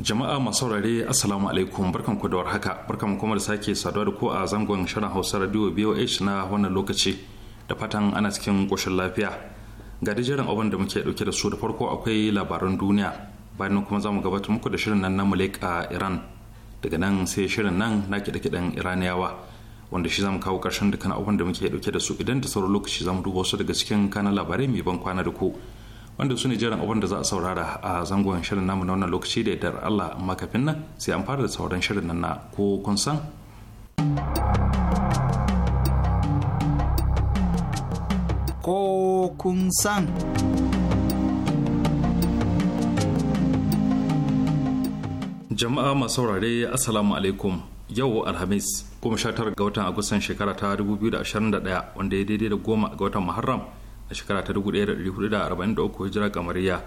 jama'a masu saurare assalamu alaikum barkan ku da warhaka barkan kuma da sake saduwa da ku a zangon shirin hausa radio boh na wannan lokaci da fatan ana cikin koshin lafiya ga dijiran abin da muke dauke da su da farko akwai labaran duniya bayan nan kuma za mu gabatar muku da shirin nan na mulek a iran daga nan sai shirin nan na kiɗe-kiɗen iraniyawa wanda shi zamu kawo ƙarshen dukkan abin da muke dauke da su idan da sauran lokaci zamu duba wasu daga cikin kanan labarai mai ban kwana da ku wanda su ne jiran abin da za a saurara a zangon shirin namu na wannan lokaci da yadda Allah amma nan sai an fara da sauran shirin nan na ko kun san. Ko kun san. Jama'a masu saurare Assalamu alaikum. yau alhamis tara ga watan agustan shekara ta 2021 wanda ya daidai da goma ga watan muharram a shekara ta 1443 hijira kamariya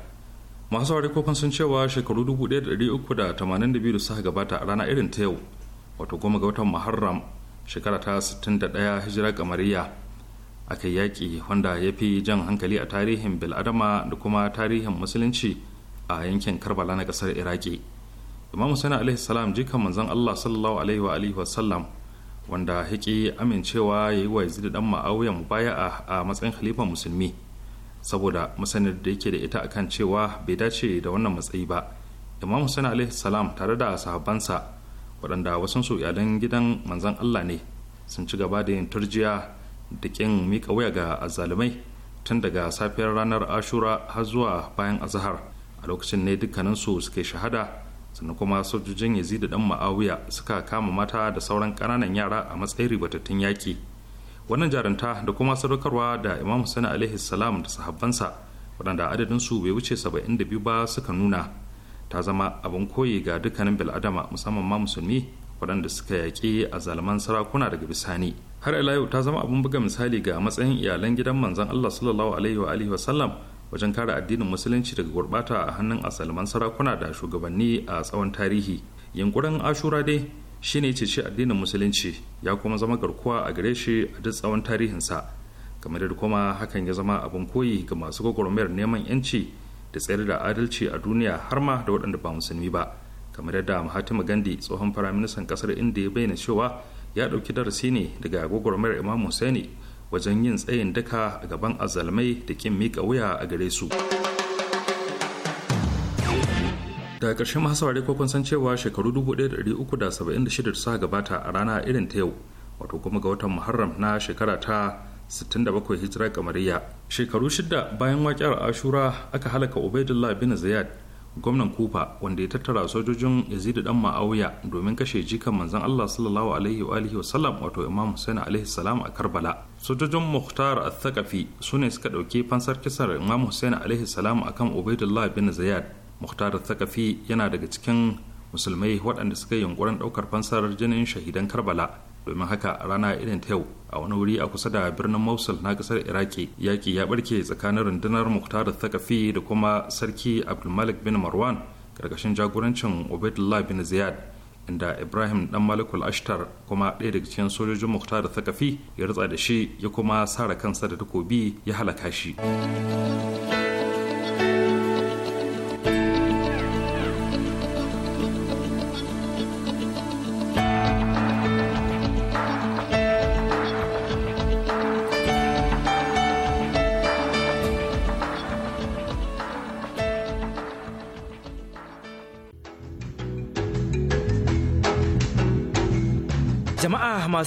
masu saurari kokon sun cewa shekaru 1382 da suka gabata a rana irin ta yau wato goma ga watan muharram shekara ta 61 hijira kamariya aka yaƙi wanda ya fi jan hankali a tarihin bil'adama da kuma tarihin musulunci a yankin karbala na ƙasar iraki imam sani alaihi salam jikan manzon allah sallallahu alaihi wa alihi wa sallam wanda yake amincewa ya yi wa da dan mu baya a matsayin khalifa musulmi saboda masanin da yake da ita akan cewa bai dace da wannan matsayi ba imam hussein alaihi salam tare da sahabbansa waɗanda wasu su iyalan gidan manzan allah ne sun ci gaba da yin turjiya da ƙin miƙa waya ga azzalumai tun daga safiyar ranar ashura har zuwa bayan azahar a lokacin ne dukkaninsu suke shahada sannan kuma sojojin zida dan ma'awiya suka kama mata da sauran kananan yara a matsayin ribatattun yaƙi wannan jarunta da kuma sadaukarwa da imam sani alaihi salam da sahabbansa waɗanda adadinsu bai wuce saba'in da biyu ba suka nuna ta zama abin koyi ga dukkanin bil'adama musamman ma musulmi waɗanda suka yaƙi a zalman sarakuna daga bisani har ila yau ta zama abin buga misali ga matsayin iyalan gidan manzon allah sallallahu alaihi wa alihi wa sallam wajen kare addinin musulunci daga gurbata a hannun asalman sarakuna da shugabanni a tsawon tarihi yunkurin ashura dai shine cece addinin musulunci ya kuma zama garkuwa a gare shi a duk tsawon tarihinsa game da kuma hakan ya zama abin koyi ga masu gwagwarmayar neman yanci da tsayar da adalci a duniya har ma da waɗanda ba musulmi ba da yadda mahatma gandhi tsohon firaministan ƙasar inda ya bayyana cewa ya ɗauki darasi ne daga gwagwarmayar imam husaini wajen yin tsayin daka a gaban azalmai da kin mika wuya a gare su daga ƙarshen masu saurare ko san cewa shekaru 1376 da suka gabata a rana irin ta yau wato kuma ga watan muharram na shekara ta 67 hijira kamariya shekaru shida bayan waƙiyar ashura aka halaka ubaidullah bin ziyad gwamnan kufa wanda ya tattara sojojin yazid dan ma'auya domin kashe jikan manzon Allah sallallahu alaihi wa alihi wasallam wato imam Hussein alaihi salam a Karbala sojojin Muhtar al-Thaqafi sune suka dauke fansar kisar imam Hussein alaihi salam akan Ubaidullah bin zayyad Muhtar al-Thaqafi yana daga cikin musulmai waɗanda suka yi yunkurin ɗaukar fansar jinin shahidan Karbala domin haka rana irin ta yau a wani wuri a kusa da birnin mosul na kasar iraki yaƙi ya barke tsakanin rundunar muktar thakafi da kuma sarki abdulmalik bin marwan karkashin jagorancin ubaidullah bin ziyad inda ibrahim dan malikul ashtar kuma ɗaya daga cikin sojojin muktar thakafi ya ritsa da shi ya kuma sara kansa da takobi ya halaka shi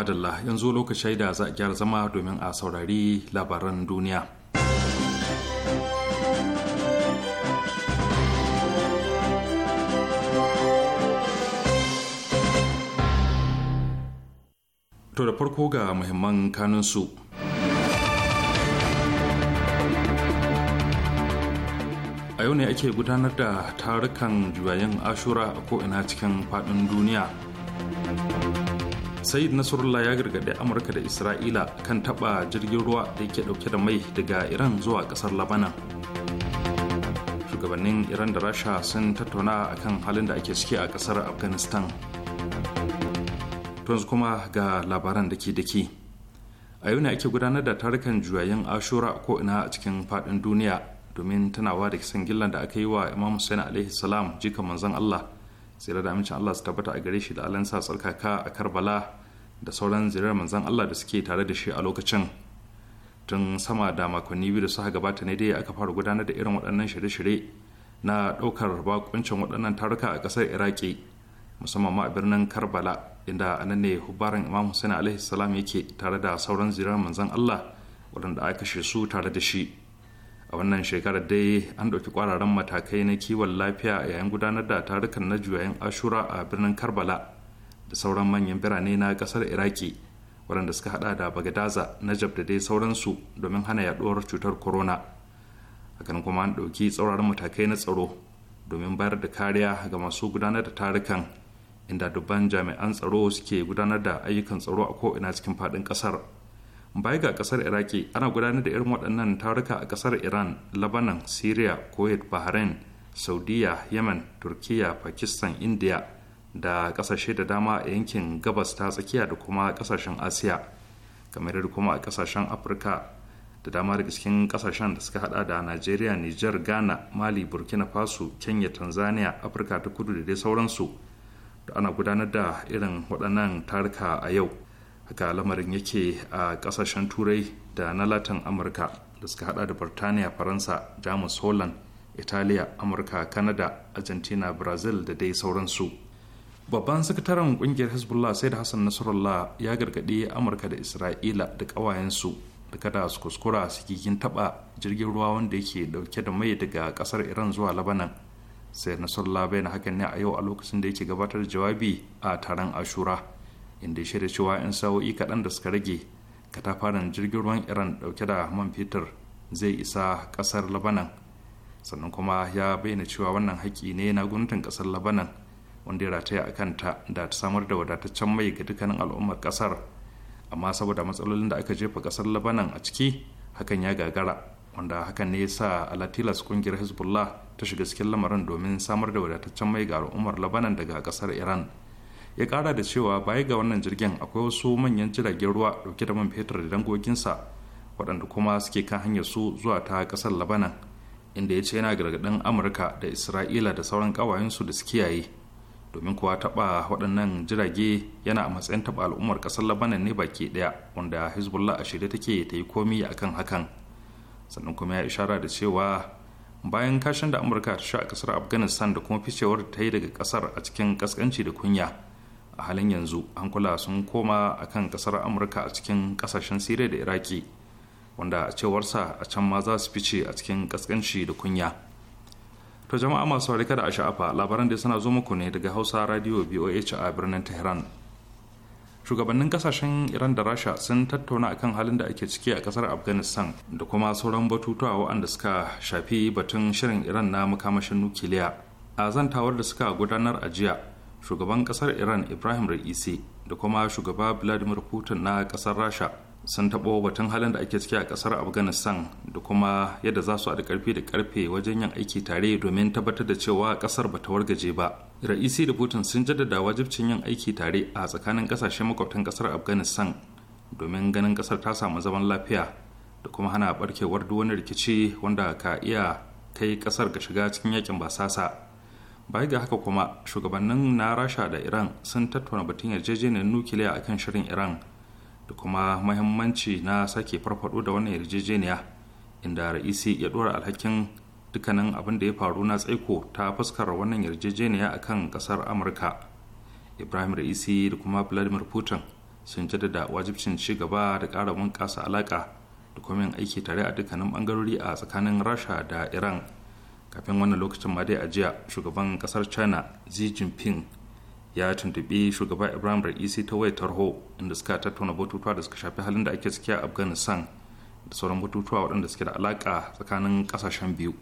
madalla yanzu lokaci shaida za a gyara zama domin a saurari labaran duniya. To da farko ga muhimman kanunsu. A yau ne ake gudanar da tarukan juyayin ashura a ko'ina cikin faɗin duniya. sayid nasrullah ya gargaɗi amurka da isra'ila kan taɓa jirgin ruwa da yake ɗauke da mai daga iran zuwa ƙasar labanan shugabannin iran da rasha sun tattauna akan halin da ake ciki a ƙasar afghanistan Tunzu kuma ga labaran da ke daki. a yau ne ake gudanar da tarukan juyayin ashura ko ina a cikin faɗin duniya domin tunawa da kisan gillan da aka yi wa imam hussein alaihi salam jikan manzon allah sai da amincin Allah su tabbata a gare shi da alansa tsarkaka a Karbala da sauran zirar manzan Allah da suke tare da shi a lokacin tun sama da makonni biyu da suka gabata ne dai aka fara gudanar da irin waɗannan shirye-shirye na ɗaukar bakuncin waɗannan taruka a ƙasar iraki musamman ma a birnin karbala inda anan ne hubbaran imam hussein alaihi salam yake tare da sauran zirar manzan allah waɗanda aka kashe su tare da shi a wannan shekarar dai an ɗauki ƙwararren matakai na kiwon lafiya yayin gudanar da tarukan na juyayin ashura a birnin karbala da sauran manyan birane na ƙasar iraki waɗanda suka hada da bagadaza najab da dai sauransu domin hana yaɗuwar cutar corona hakan kuma an ɗauki tsauraran matakai na tsaro domin bayar da kariya ga masu gudanar da tarukan inda dubban jami'an tsaro suke gudanar da ayyukan tsaro a ko'ina cikin faɗin ƙasar baya ga kasar iraki ana gudanar da irin waɗannan taruka a kasar iran labanan syria kuwait bahrain saudiya yemen turkiya pakistan india da kasashe da dama a yankin gabas ta tsakiya da kuma kasashen asiya kamar da kuma a kasashen afirka da dama daga cikin kasashen da suka hada da nigeria niger ghana mali burkina faso kenya tanzania afirka ta kudu da dai sauransu da ana gudanar da irin waɗannan taruka a yau ga lamarin yake a kasashen turai da na latin amurka da suka hada da birtaniya faransa jamus holland italiya amurka Kanada, argentina brazil da dai sauransu babban sakataren kungiyar hezbollah sai da hassan nasarallah ya gargaɗi amurka da isra'ila da ƙawayensu da kada su kuskura su gigin taɓa jirgin ruwa wanda yake dauke da mai daga ƙasar iran zuwa labanan sai nasarallah na hakan ne a yau a lokacin da yake gabatar jawabi a taron ashura inda ya shirya cewa 'yan sa'o'i kaɗan da suka rage katafaren jirgin ruwan iran ɗauke da man fetur zai isa ƙasar labanan sannan kuma ya bayyana cewa wannan haƙƙi ne na gwamnatin ƙasar labanan wanda ya rataya a kanta da ta samar da wadataccen mai ga dukkanin al'ummar ƙasar amma saboda matsalolin da aka jefa ƙasar labanan a ciki hakan ya gagara wanda hakan ne ya sa alatilas ƙungiyar hezbollah ta shiga cikin lamarin domin samar da wadataccen mai ga al'ummar labanan daga ƙasar iran ya kara da cewa baya ga wannan jirgin akwai wasu manyan jiragen ruwa dauke da man fetur da dangoginsa waɗanda kuma suke kan hanyar su zuwa ta ƙasar labanan inda ya ce yana gargaɗin amurka da isra'ila da sauran ƙawayensu da su kiyaye domin kuwa taɓa waɗannan jirage yana a matsayin taɓa al'ummar ƙasar labanan ne baki ɗaya wanda hezbollah a shirye take ta yi komi a kan hakan sannan kuma ya ishara da cewa bayan kashin da amurka ta sha a ƙasar afghanistan da kuma ficewar ta yi daga ƙasar a cikin ƙasƙanci da kunya a halin yanzu hankula sun koma a kan kasar amurka a cikin kasashen siriya da iraki wanda a cewarsa a can ma za su fice a cikin kaskanci da kunya to jama'a masu warika da sha'afa labaran da suna zo muku ne daga hausa radio boh a birnin tehran shugabannin kasashen iran da rasha sun tattauna akan halin da ake ciki a kasar afghanistan da kuma sauran batutuwa waɗanda suka shafi batun shirin iran na makamashin nukiliya a zantawar da suka gudanar a jiya shugaban kasar iran ibrahim ra'isi da kuma shugaba vladimir putin na kasar rasha sun taɓo batun halin da ake ciki a kasar afghanistan da kuma yadda za su haɗa karfi da karfe wajen yin aiki tare domin tabbatar da cewa kasar ba ta wargaje ba ra'isi da putin sun jaddada wajibcin yin aiki tare a tsakanin kasashe makwabtan kasar afghanistan domin ganin kasar ta samu zaman lafiya da kuma hana barkewar duk wani rikici wanda ka iya kai kasar ga shiga cikin yakin basasa baya ga haka kuma shugabannin na rasha da iran sun tattauna batun yarjejeniyar nukiliya akan shirin iran da kuma mahimmanci na sake farfado da wannan yarjejeniya inda ra'isi ya dora alhakin dukkanin abin da ya faru na tsaiko ta fuskar wannan yarjejeniya akan kasar amurka ibrahim ra'isi da kuma vladimir putin sun jaddada wajibcin ci gaba da ƙara bunƙasa alaka da kuma yin aiki tare a dukkanin bangarori a tsakanin rasha da iran kafin wannan lokacin ma dai a jiya shugaban kasar china xi jinping ya tuntubi shugaba ibrahim ra'isi ta waya tarho inda suka tattauna batutuwa da suka shafi halin da ake ciki a afghanistan da sauran batutuwa waɗanda suke da alaƙa tsakanin ƙasashen biyu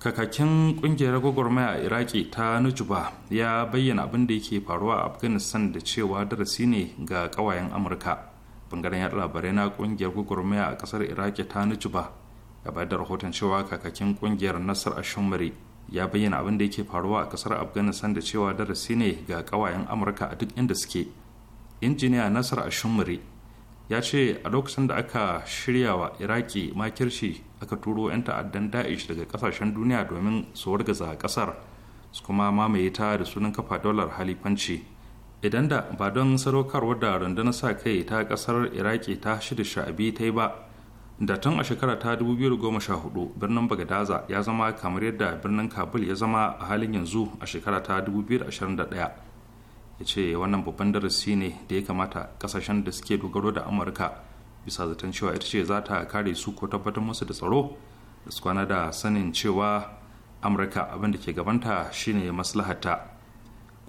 kakakin ƙungiyar gwagwarmaya a iraki ta nujuba ya bayyana abin da yake faruwa a afghanistan da cewa darasi ne ga ƙawayen amurka bangaren yaɗa labarai na ƙungiyar gwagwarmaya a ƙasar iraki ta nujuba ya da rahoton cewa kakakin kungiyar nasar ashumari ya bayyana abin da yake faruwa a kasar afghanistan da cewa darasi ne ga kawayen amurka a duk inda suke injiniya nasar ashumari ya ce a lokacin da aka shirya wa iraki makirci aka turo 'yan ta'addan da'ish daga kasashen duniya domin su wargaza kasar su kuma mamaye ta da sunan kafa dolar halifanci idan da ba don sadaukarwar da rundunar sa kai ta kasar iraki ta shida sha'abi ta yi ba da tun a shekara ta 2014 birnin bagadaza ya zama kamar yadda birnin kabul ya zama a halin yanzu a shekara ta 2021 ya ce wannan babban darasi ne da ya kamata kasashen da suke dogaro da amurka bisa zaton cewa ita ce za ta kare su ko tabbatar musu da tsaro da su kwana da sanin cewa amurka abin da ke gabanta shine maslahata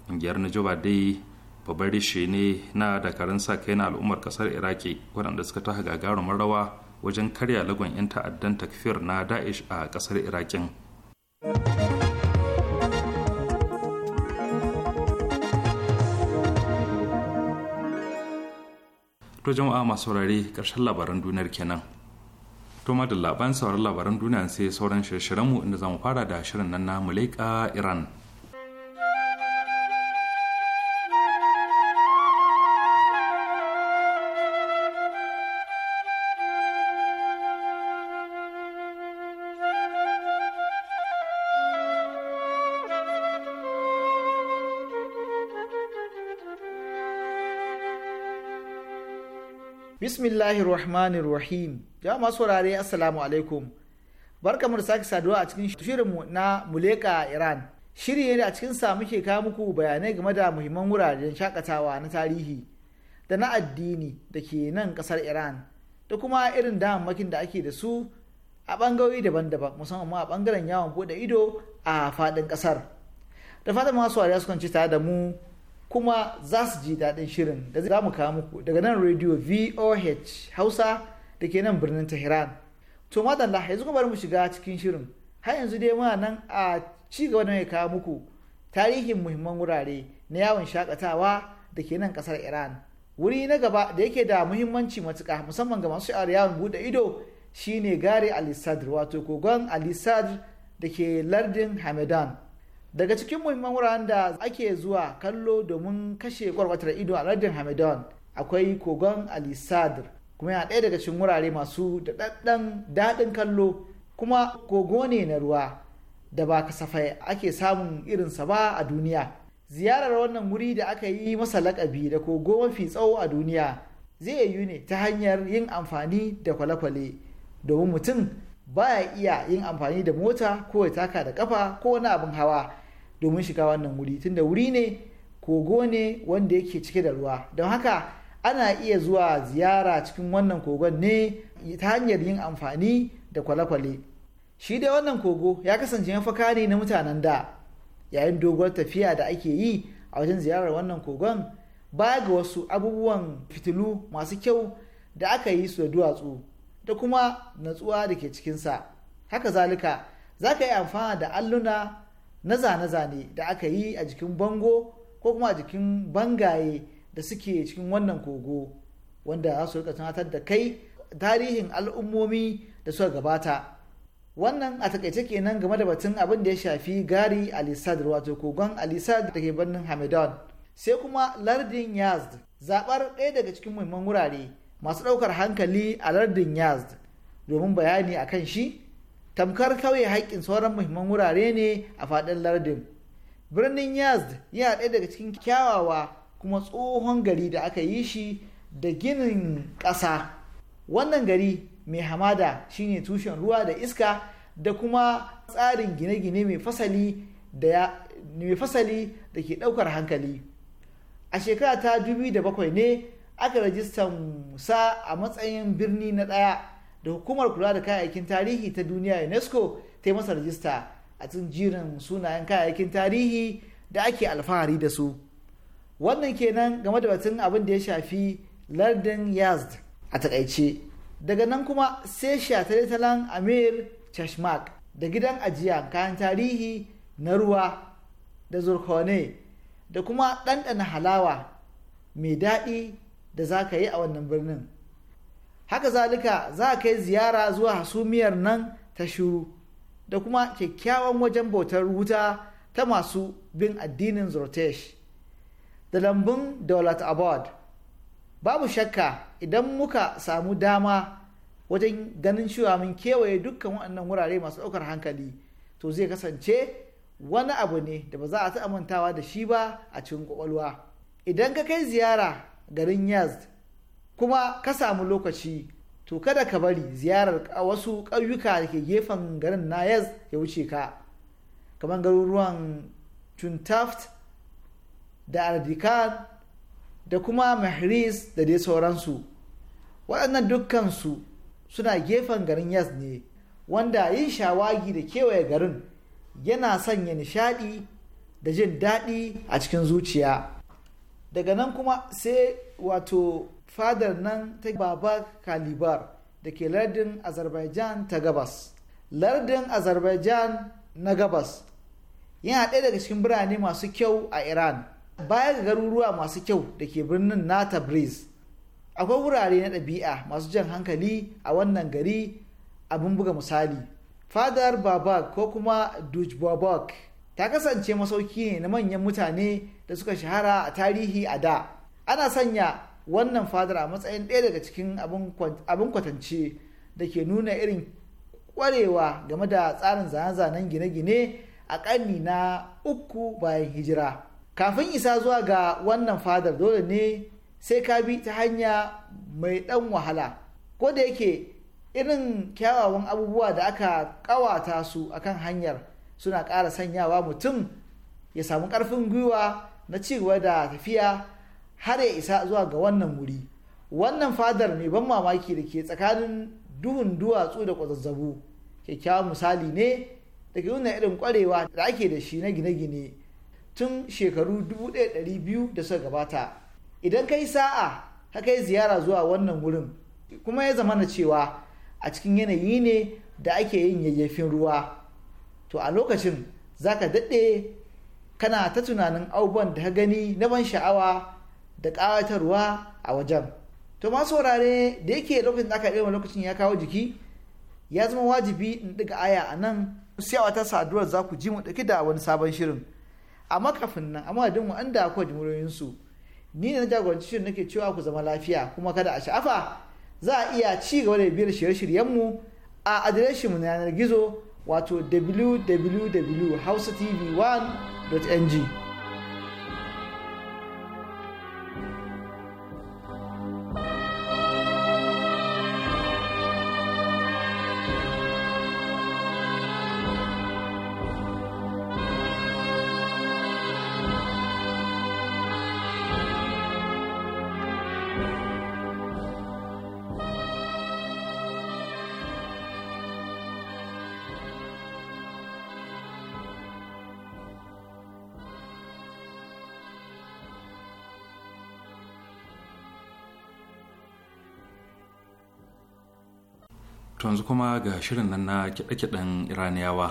ƙungiyar najoba dai babbar rishi ne na dakarun sa kai na al'ummar kasar iraki waɗanda suka ta gagarumin rawa wajen karya lagon 'yan ta'addan takfir na daesh a kasar irakin to jama'a masu saurare ƙarshen labaran duniyar kenan to da labaran sauran labaran duniya sai sauran shirshirenmu inda zamu fara da shirin nan na muleka iran bismillahir rahmanir rahim ya masu wurare assalamu alaikum bar da sake saduwa a cikin shirinmu na muleka iran shiri ne a cikin sa muke kawo muku bayanai game da muhimman wuraren shakatawa na tarihi da na addini da ke nan kasar iran da kuma irin damammakin da ake da su a bangawi daban-daban musamman a bangaren yawon bude ido a fadin kasar. da fatan masu wariya sukan ci tare da mu kuma za su ji daɗin shirin da za mu kawo muku daga nan rediyo voh hausa da ke nan birnin tehran to madalla yanzu kuma bari mu shiga cikin shirin har yanzu dai muna nan a ci gaba da mai kawo muku tarihin muhimman wurare na yawon shakatawa da ke nan ƙasar iran wuri na gaba da yake da muhimmanci matuka musamman ga masu sha'awar yawon buɗe ido shine gare alisadr wato kogon alisadr da ke lardin hamadan daga cikin muhimman wuraren da ake zuwa kallo domin kashe kwarkwatar ido a lardin hamadan akwai kogon alisadr kuma yana ɗaya daga cikin wurare masu daɗaɗɗen daɗin kallo kuma kogo ne na ruwa da ba kasafai ake samun irinsa ba a duniya ziyarar wannan wuri da aka yi masa lakabi da kogo mafi tsawo a duniya zai yiwu ne ta hanyar yin amfani da kwale-kwale domin mutum baya iya yin amfani da mota ko ya taka da kafa ko wani abin hawa domin shiga wannan wuri tunda wuri ne kogo ne wanda yake cike da ruwa don haka ana iya zuwa ziyara cikin wannan kogon ne ta hanyar yin amfani da kwale-kwale shi dai wannan kogo ya kasance mafaka ne na mutanen da yayin doguwar tafiya da ake yi a wajen ziyarar wannan kogon ba ga wasu abubuwan fitilu masu kyau da aka yi su da duwatsu da kuma natsuwa da ke cikinsa haka zalika za ka yi amfana da alluna na zane-zane da aka yi a jikin bango ko kuma a jikin bangaye da suke cikin wannan kogo wanda za su tunatar da kai tarihin al'ummomi da suka gabata wannan a takaice kenan game da batun abin da ya shafi gari alisad wato kogon alisad da ke birnin hamadan sai kuma lardin yazd zabar ɗaya daga cikin muhimman wurare masu ɗaukar hankali a lardin yazd domin bayani akan shi tamkar kauye haƙƙin sauran muhimman wurare ne a faɗin lardin birnin yazd yana ɗaya daga cikin kyawawa kuma tsohon gari da aka yi shi da ginin ƙasa wannan gari mai hamada shine tushen ruwa da iska da kuma tsarin gine-gine mai fasali da ke ɗaukar hankali a shekara ta 2007 ne aka rajistan sa a matsayin birni na ɗaya da hukumar kula da kayayyakin tarihi ta duniya unesco ta yi masa rajista a cikin jirin sunayen kayayyakin tarihi da ake alfahari da su wannan kenan game da batun abin da ya shafi lardin yazd a takaice daga nan kuma sai shataletalen amir chashmak da gidan ajiya kayan tarihi na ruwa da zurkone da kuma ɗanɗana halawa mai daɗi da za ka yi a wannan birnin haka zalika za a kai ziyara zuwa hasumiyar nan ta shuru da kuma kyakkyawan wajen bautar wuta ta masu bin addinin zortesh da lambun dolat abad babu shakka idan muka samu dama wajen ganin cewa mun kewaye dukkan waɗannan wurare masu ɗaukar hankali to zai kasance wani abu ne da ba za a ta amintawa da shi ba a cikin kwakwalwa idan ka kai ziyara garin yazd kuma ka samu lokaci to kada ka bari ziyarar wasu ƙauyuka da ke gefen garin na yaz ya wuce ka kamar garuruwan tuntaft da ardikan da kuma mahris da dai sauransu waɗannan dukkansu suna gefen garin yas ne wanda yin shawagi da kewaye garin yana sanya nishaɗi da jin daɗi a cikin zuciya daga nan kuma sai wato fadar nan ta baba kalibar da ke lardin azerbaijan ta gabas lardin azerbaijan na gabas yana ɗaya daga cikin birane masu kyau a iran baya ga garuruwa masu kyau da ke birnin na tabriz akwai wurare na ɗabi'a masu jan hankali a wannan gari abin buga misali fadar babak ko kuma duj babak ta kasance masauki ne na manyan mutane da suka shahara a tarihi a da ana sanya wannan fadar a matsayin ɗaya daga cikin abin kwatance da ke nuna irin ƙwarewa game da tsarin zane-zanen gine-gine a ƙarni na uku bayan hijira kafin isa zuwa ga wannan fadar dole ne sai ka bi ta hanya mai ɗan wahala ko da yake irin kyawawan abubuwa da aka ƙawata su akan hanyar suna ƙara sanyawa mutum ya samu ƙarfin gwiwa na cigaba da tafiya har ya isa zuwa ga wannan wuri wannan fadar mai ban mamaki da ke tsakanin duhun duwatsu da kwazazzabu kyakkyawan misali ne da ke nuna irin kwarewa da ake da shi na gine-gine tun shekaru 1200 da suka gabata idan kai sa'a ka kai ziyara zuwa wannan wurin kuma ya zama na cewa a cikin yanayi ne da ake yin yayyafin ruwa to a lokacin za ka daɗe kana ta tunanin abubuwan da ka gani na ban sha'awa da ƙawatarwa a wajen to ma saurare da yake lokacin da aka ɗaya lokacin ya kawo jiki ya zama wajibi in ɗiga aya a nan sai a wata saduwar za ku ji mu ɗauki da wani sabon shirin amma kafin nan amma da din wanda akwai jimuriyoyinsu ni ne na jagoranci shirin nake cewa ku zama lafiya kuma kada a sha'afa za a iya ci gaba da biyar shirye-shiryenmu a adireshin mu na yanar gizo wato www.hausatv1.ng to yanzu kuma ga shirin nan na kiɗe-kiɗen iraniyawa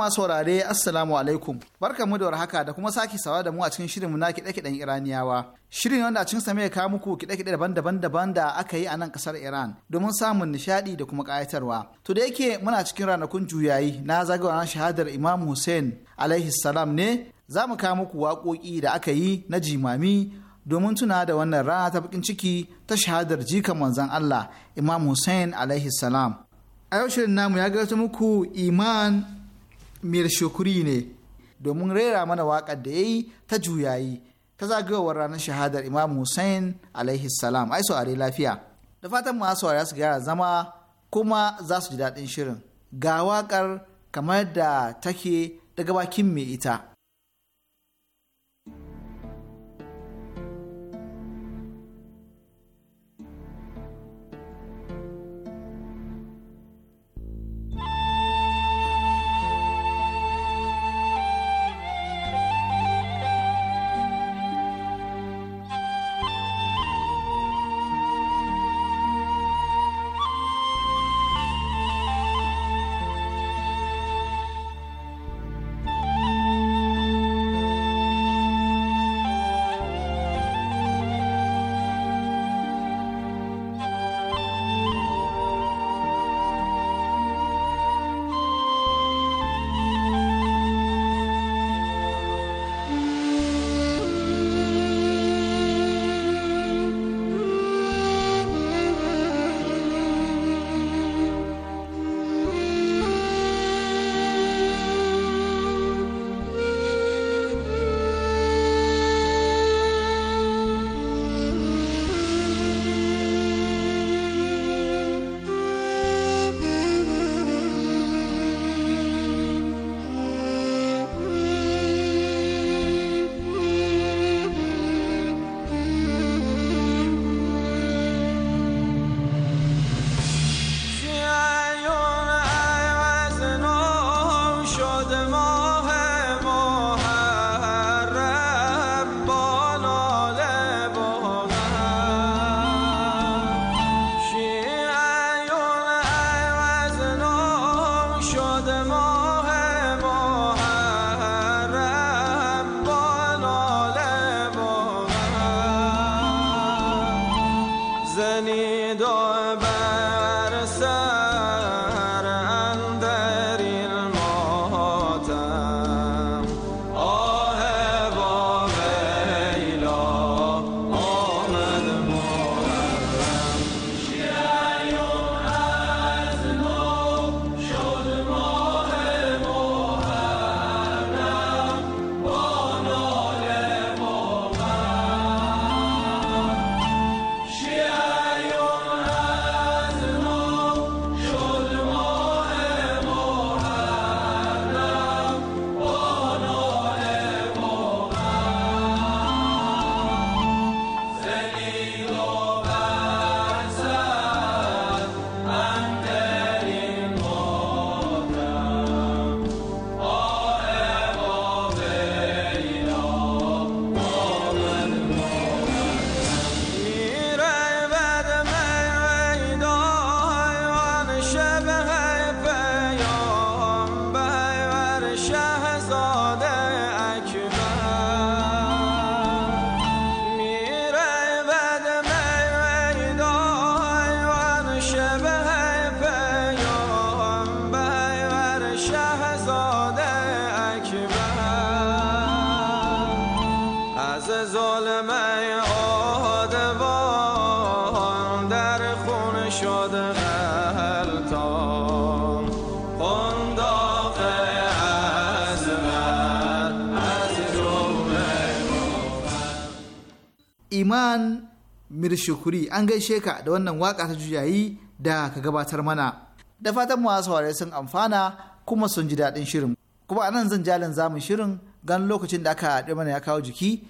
masu saurare assalamu alaikum barka mu da warhaka da kuma sake sawa da mu a cikin shirinmu na kiɗe-kiɗen iraniyawa shirin wanda cin sa mai kawo muku kiɗe-kiɗe daban-daban daban da aka yi a nan ƙasar iran domin samun nishaɗi da kuma ƙayatarwa to da yake muna cikin ranakun juyayi na zagayowar shahadar imam hussein alaihi salam ne za mu kawo muku waƙoƙi da aka yi na jimami domin tuna da wannan rana ta bakin ciki ta shahadar jikan manzon Allah Imam Hussein alaihi salam. A yau shirin namu ya gaisa muku Iman mir shukuri ne domin rera mana waƙar da ya yi ta juyayi ta zagayowar ranar shahadar imam hussein alaihi salam ai saurari lafiya da fatan masu saurari su gyara zama kuma za su ji daɗin shirin ga waƙar kamar da take daga bakin mai ita Usman Mirshukuri an gaishe ka da wannan waka ta juyayi da ka gabatar mana. Da fatan masu saurare sun amfana kuma sun ji daɗin shirin. Kuma anan zan jalin zamun shirin gan lokacin da aka haɗe mana ya kawo jiki.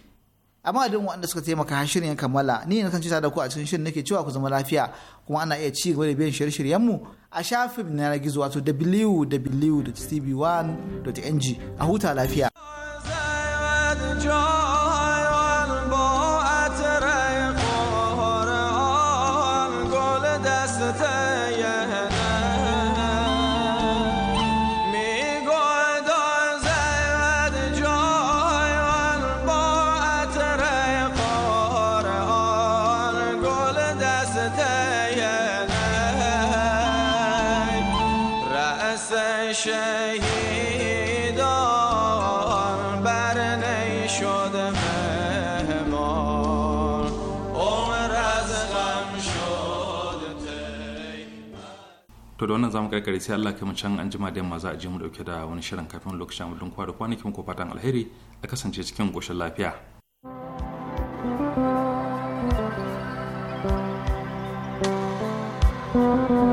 Amma duk waɗanda suka taimaka har shirin ya kammala ni na kan cita da ku a cikin shirin nake cewa ku zama lafiya kuma ana iya ci gaba da biyan shirye-shiryenmu a shafin na gizo wato www.tv1.ng a huta lafiya. to da wannan zamu karkare sai Allah kai mu can anjima jima da yamma za a je mu dauke da wani shirin kafin lokacin mu dun da kwanakin ko fatan alheri a kasance cikin goshin lafiya thank you